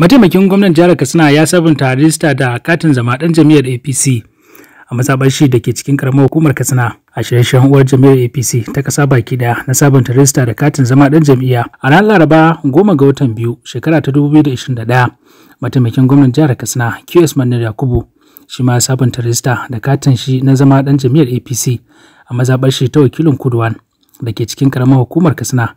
Mataimakin gwamnan jihar Katsina ya sabunta rajista da katin zama ɗan jam'iyyar APC a matsabar shi da ke cikin karamar hukumar Katsina a shirye uwar jam'iyyar APC ta kasa baki ɗaya, na sabunta rajista da katin zama ɗan jam'iyya a ranar Laraba goma ga watan biyu shekara ta 2021 mataimakin gwamnan jihar Katsina QS Manar Yakubu shi ma sabunta rajista da katin shi na zama ɗan jam'iyyar APC a mazaɓar shi ta wakilin Kuduwan da ke cikin karamar hukumar Katsina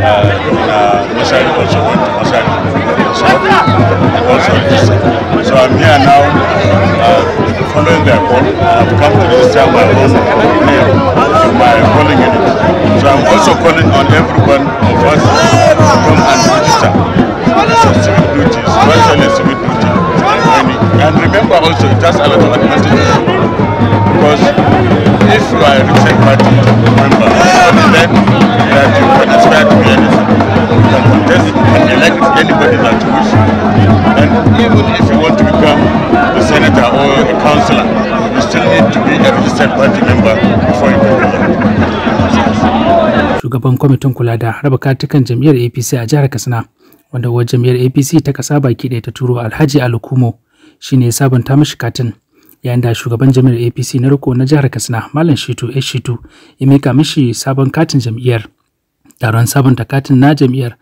uh, Masari Kochowet, Masari So I'm here now uh, following their call. I've come to register my own name to my calling unit. So I'm also calling on everyone of us to come and register for civil duties, virtually civil duty. And remember also, just a lot of advantages because if you are a rich party, elect anybody that you wish. And even if you want to become a senator or a councillor, you still need to be a registered party member before you can be elected. Shugaban kwamitin kula da raba katukan jam'iyyar APC a jihar Katsina, wanda wa jam'iyyar APC ta kasa baki ɗaya ta turo Alhaji Alukumo shine ya sabunta mashi katin. yayin da shugaban jam'iyyar apc na riko na jihar katsina malam shitu Eshitu ya mika mishi sabon katin jam'iyyar taron sabunta katin na jam'iyyar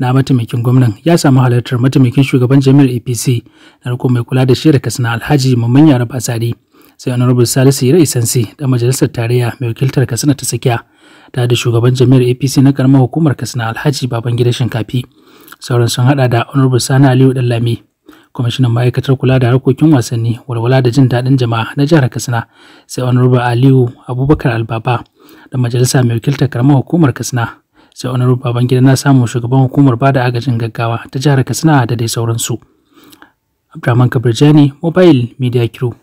na mataimakin gwamnan ya samu halartar mataimakin shugaban jami'ar apc na riko mai kula da shirya kasana alhaji mamman yara basari sai honorable salisu yi sansi da majalisar tarayya mai wakiltar kasana ta tsakiya ta da shugaban jami'ar apc na karamar hukumar kasana alhaji babangida shinkafi sauran sun hada da honorable sani aliyu Lami, kwamishinan ma'aikatar kula da harkokin wasanni walwala da jin daɗin jama'a na jihar katsina sai honorable aliyu abubakar albaba da majalisa mai wakiltar karamar hukumar katsina sai wani baban gida na samu shugaban hukumar bada agajin gaggawa ta jihar katsina da dai sauransu abdulrahman kabirjani mobile media crew